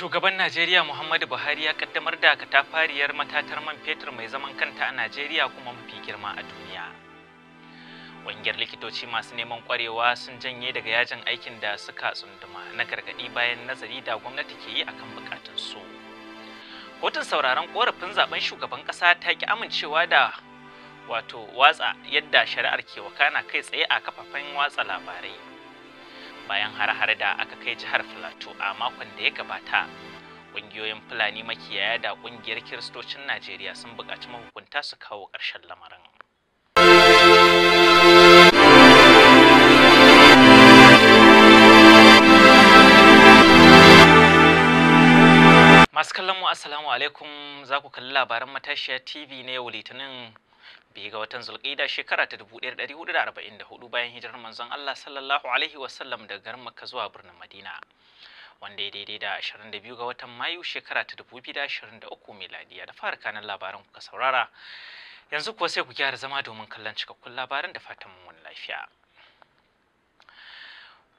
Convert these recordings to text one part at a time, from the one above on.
Shugaban Najeriya Muhammadu Buhari ya kaddamar da katafariyar matatar man fetur mai zaman kanta a Najeriya kuma mafi girma a duniya. Ƙungiyar likitoci masu neman ƙwarewa sun janye daga yajin aikin da suka tsunduma na gargaɗi bayan nazari da gwamnati ke yi akan su Kotun sauraron ƙorafin zaben shugaban ƙasa ta ki amincewa da wato watsa yadda shari'ar ke wakana kai tsaye a kafafen watsa labarai. bayan har-har da aka kai jihar Filato a makon da ya gabata. Ƙungiyoyin Fulani makiyaya da ƙungiyar Kiristocin Najeriya sun buƙaci mahukunta su kawo ƙarshen lamarin. Masu kallon mu Assalamu alaikum za ku kalli labaran matashiya TV na yau Litinin Bi ga watan zulƙida shekara ta 1444 bayan hijirar manzon Allah sallallahu alaihi wasallam daga garin Makka zuwa birnin Madina wanda ya daidai da 22 ga watan Mayu shekara ta 2023 miladiya da fara kanan labaran kuka saurara yanzu kuwa sai ku gyara zama domin kallon cikakkun labaran da fatan mun lafiya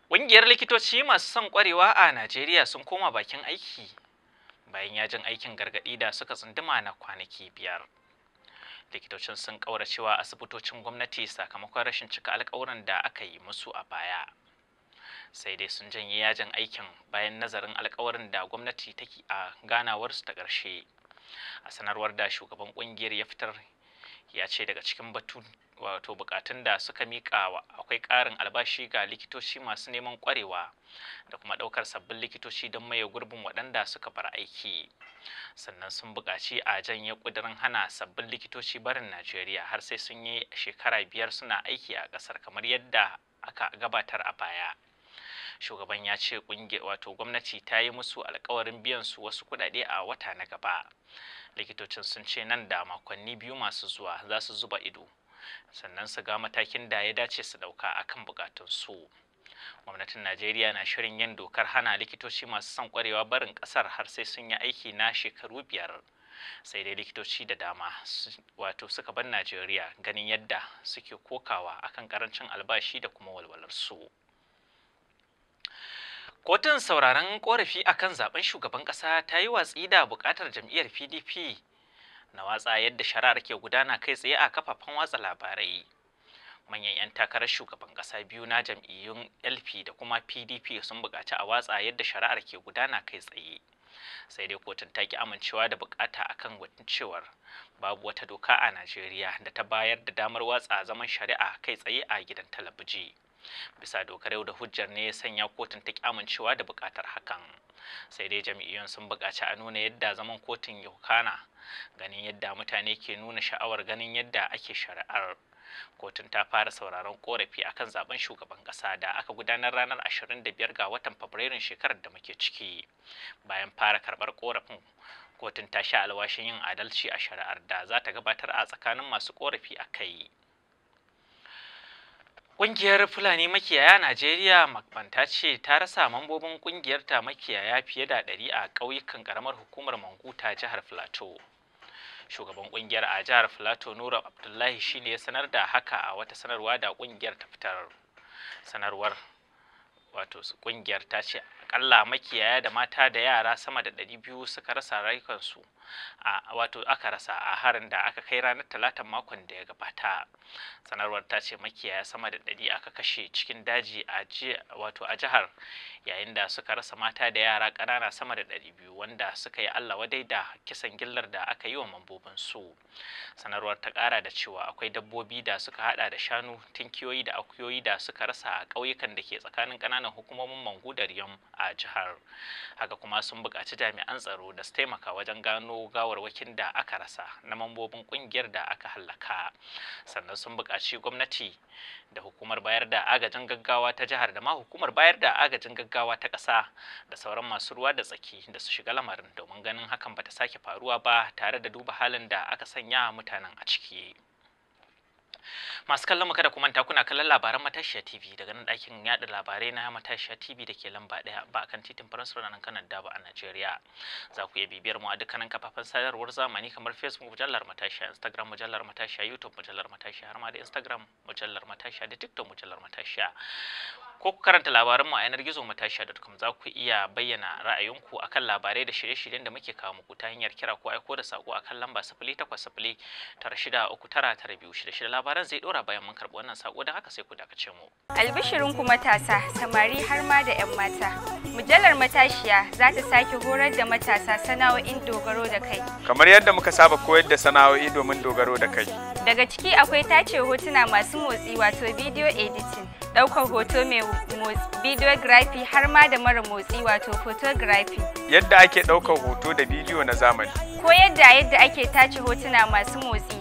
Ƙungiyar likitoci masu son ƙwarewa a Najeriya sun koma bakin aiki bayan yajin aikin gargaɗi da suka tsunduma na kwanaki biyar. likitocin sun kaura cewa asibitocin gwamnati sakamakon rashin cika alkawuran da aka yi musu a baya sai dai sun janye yajin aikin bayan nazarin alkawarin da gwamnati take a ganawarsu ta ƙarshe a sanarwar da shugaban ƙungiyar ya fitar ya ce daga cikin batun wato bukatun da suka miƙa akwai ƙarin albashi ga likitoci masu neman ƙwarewa da kuma ɗaukar sabbin likitoci don maye gurbin waɗanda suka bar aiki sannan sun buƙaci a janye ƙudurin hana sabbin likitoci barin najeriya har sai sun yi shekara biyar suna aiki a ƙasar kamar yadda aka gabatar a baya shugaban ya ce wato gwamnati ta yi musu alkawarin biyan su wasu kuɗaɗe a wata na gaba likitocin sun ce nan da makonni biyu masu zuwa za su zuba ido sannan su ga matakin da ya dace su ɗauka akan bukatun su gwamnatin najeriya na shirin yin dokar hana likitoci masu son kwarewa barin ƙasar har sai sun yi aiki na shekaru biyar sai dai likitoci da dama wato suka bar najeriya ganin yadda suke kokawa akan karancin albashi da kuma walwalar su Kotun sauraron korafi a kan zaben shugaban ƙasa ta yi watsi da buƙatar jam'iyyar PDP na watsa yadda shari'ar ke gudana kai tsaye a kafafen watsa labarai. Manyan 'yan takarar shugaban ƙasa biyu na jam'iyyun LP da kuma PDP sun buƙaci a watsa yadda shari'ar ke gudana kai tsaye. Sai dai kotun ta ki amincewa da buƙata akan cewar babu wata doka a Najeriya da ta bayar da damar watsa zaman shari'a kai tsaye a gidan talabijin. bisa dokar yau da hujjar ne ya sanya kotun ta amincewa da bukatar hakan sai dai jam'iyyun sun bukaci a nuna yadda zaman kotun ya hukana. ganin yadda mutane ke nuna sha'awar ganin yadda ake shari'ar kotun ta fara sauraron korafi akan zaben shugaban kasa da aka gudanar ranar 25 ga watan fabrairun shekarar da muke ciki bayan fara karbar korafin kotun ta sha alwashin yin adalci a shari'ar da za ta gabatar a tsakanin masu korafi a kai Ƙungiyar Fulani makiyaya Najeriya makbanta ce ta rasa mambobin ƙungiyarta makiyaya fiye da ɗari a ƙauyukan ƙaramar hukumar Manguta jihar Filato. Shugaban ƙungiyar a jihar Filato Nura Abdullahi shi ya sanar da haka a wata sanarwa da ƙungiyar ta fitar. Sanarwar wato ƙungiyar ta ce akalla makiyaya da mata da yara sama da 200 suka rasa rayukansu a wato aka rasa a harin da aka kai ranar talatan makon da ya gabata sanarwar ta ce makiyaya sama da 100 aka kashe cikin daji a wato a jihar yayin da suka rasa mata da yara ƙanana sama da ɗari biyu wanda suka yi allah wadai da kisan gillar da aka yi wa mambobin su sanarwar ta ƙara da cewa akwai dabbobi da suka hada da shanu tinkiyoyi da akuyoyi da suka rasa a ƙauyukan da ke tsakanin ƙananan hukumomin mangu da riyam a jihar haka kuma sun buƙaci jami'an tsaro da su taimaka wajen gano gawarwakin da aka rasa na mambobin ƙungiyar da aka hallaka sannan sun buƙaci gwamnati da hukumar bayar da agajin gaggawa ta jihar da ma hukumar bayar da agajin gaggawa ta ƙasa da sauran masu ruwa da tsaki da su shiga lamarin domin ganin hakan bata sake faruwa ba tare da duba halin da aka sanya mutanen a ciki. Masu kallon mu kada ku manta kuna kallon labaran Matashiya TV daga nan dakin yada labarai na Matashiya TV da ke lamba ɗaya ba kan titin Faransa da nan kanan ba a Najeriya. Za ku iya bibiyar mu a dukkanin kafafen sadarwar zamani kamar Facebook mujallar Matashiya, Instagram mujallar Matashiya, YouTube mujallar Matashiya, har ma da Instagram mujallar Matashiya da TikTok mujallar Matashiya. ko ku karanta mu a yanar gizo matashiya.com za ku iya bayyana ra'ayinku akan labarai da shirye-shiryen da muke kawo muku ta hanyar kira ko aiko da sako akan lamba sifili tara uku tara shida labarai labaran zai dora bayan mun karɓi wannan sako da haka sai ku dakace mu. Albishirin ku matasa, samari har ma da 'yan mata. Mujallar matashiya za ta sake horar da matasa sana'o'in dogaro da kai. Kamar yadda muka saba koyar da sana'o'i domin dogaro da kai. Daga ciki akwai tace hotuna masu motsi wato video editing, ɗaukar hoto mai videography har ma da mara motsi wato photography. Yadda ake ɗaukar hoto da bidiyo na zamani. Ko yadda yadda ake tace hotuna masu motsi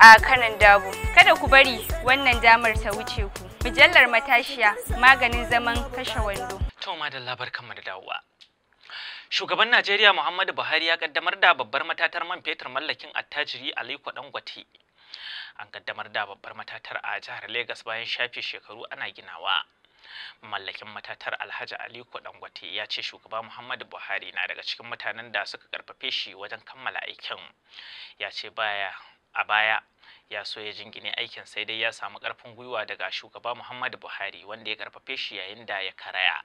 a kanan dabo. Kada ku bari wannan damar ta wuce ku. Mujallar matashiya maganin zaman kashe wando. To madalla barkanmu da dawowa. Shugaban Najeriya Muhammadu Buhari ya kaddamar da babbar matatar man fetur mallakin attajiri Aliko Dangote. An kaddamar da babbar matatar a jihar Legas bayan shafe shekaru ana ginawa. mallakin matatar alhaji aliko dangote ya ce shugaba muhammadu buhari na daga cikin mutanen da suka karfafe shi wajen kammala aikin ya ce baya a baya ya so ya jingine aikin sai dai ya samu karfin gwiwa daga shugaba muhammadu buhari wanda ya karfafe shi yayin da ya karaya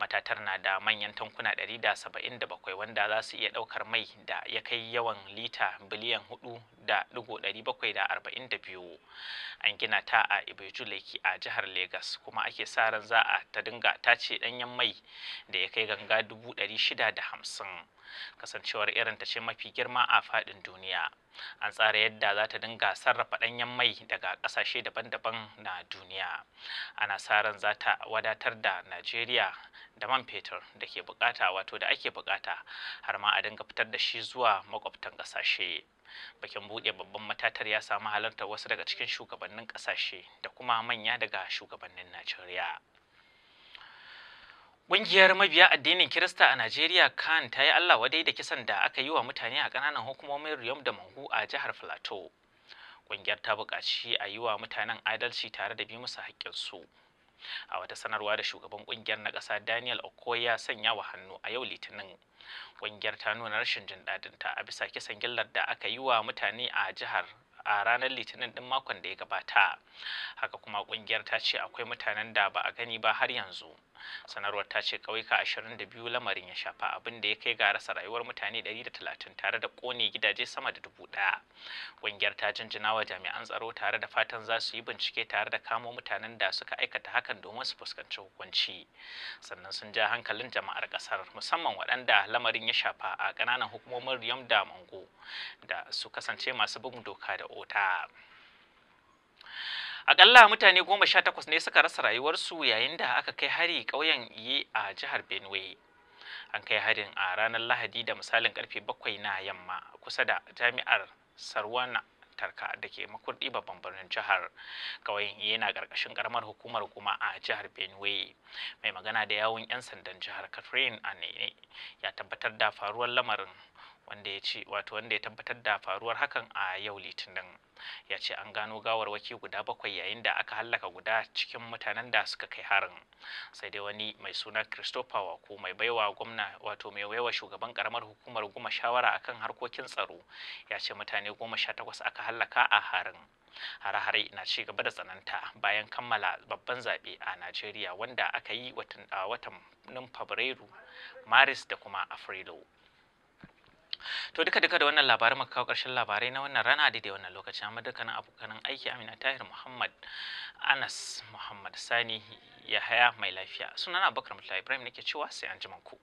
matatar na da manyan tankuna 177 wanda za su iya daukar mai da ya kai yawan lita biliyan 4.742 an gina ta a ibeju laiki a jihar Legas, kuma ake sa ran za a ta dinga tace danyen mai da ya kai ganga 650 kasancewar irin ta ce mafi girma a faɗin duniya an tsara yadda za ta dinga sarrafa ɗanyen mai daga ƙasashe daban-daban na duniya ana sa ran za ta wadatar da najeriya da man fetur da ke bukata wato da ake bukata har ma a dinga fitar da shi zuwa makwabtan ƙasashe bakin buɗe babban matatar ya samu halartar wasu daga cikin shugabannin ƙasashe da kuma manya daga shugabannin najeriya Ƙungiyar mabiya addinin Kirista a Najeriya kan ta yi Allah wadai da kisan da aka yi wa mutane a ƙananan hukumomin Riyom da Mangu a jihar Filato. Ƙungiyar ta buƙaci a yi wa mutanen adalci tare da bi musu haƙƙinsu. A wata sanarwa da shugaban ƙungiyar na ƙasa Daniel Okoya sanya wa hannu a yau Litinin. Ƙungiyar ta nuna rashin jin ta a bisa kisan gillar da aka yi wa mutane a jihar a ranar litinin din makon da ya gabata haka kuma kungiyar ta ce akwai mutanen da ba a gani ba har yanzu sanarwar ta ce ƙauyuka 22 lamarin ya shafa abin da ya kai ga rasa rayuwar mutane 130 tare da kone gidaje sama da dubu ɗaya ƙungiyar ta jinjina wa jami'an tsaro tare da fatan za su yi bincike tare da kamo mutanen da suka aikata hakan domin su fuskanci hukunci sannan sun ja hankalin jama'ar kasar musamman waɗanda lamarin ya shafa a ƙananan hukumomin riyam da mango da su kasance masu bugun doka da makota akalla mutane goma sha takwas ne suka rasa rayuwarsu yayin da aka kai hari ƙauyen yi a jihar benue an kai harin a ranar lahadi da misalin karfe bakwai na yamma kusa da jami'ar sarwana tarka da ke makurɗi babban birnin jihar kawai yana ƙarƙashin ƙaramar hukumar kuma a jihar benue mai magana da yawun 'yan sandan jihar catherine a ya tabbatar da faruwar lamarin wanda ya ce wato wanda ya tabbatar da faruwar hakan a yau litinin ya ce an gano gawar waki guda bakwai yayin da aka hallaka guda cikin mutanen da suka kai harin sai dai wani mai suna christopher wako mai baiwa gwamna wato mai waiwa shugaban karamar hukumar goma shawara akan harkokin tsaro ya ce mutane goma sha takwas aka hallaka a harin hare-hare na ci gaba da tsananta bayan kammala babban zaɓe a najeriya wanda aka yi a watan fabrairu maris da kuma afrilu to duka duka da wannan labarin muka kawo ƙarshen labarai na wannan rana daidai wannan lokaci amma dukkanin abokanan aiki Amina Tahir Muhammad Anas Muhammad Sani Yahaya mai lafiya sunana Abubakar Mutla Ibrahim nake cewa sai an ku.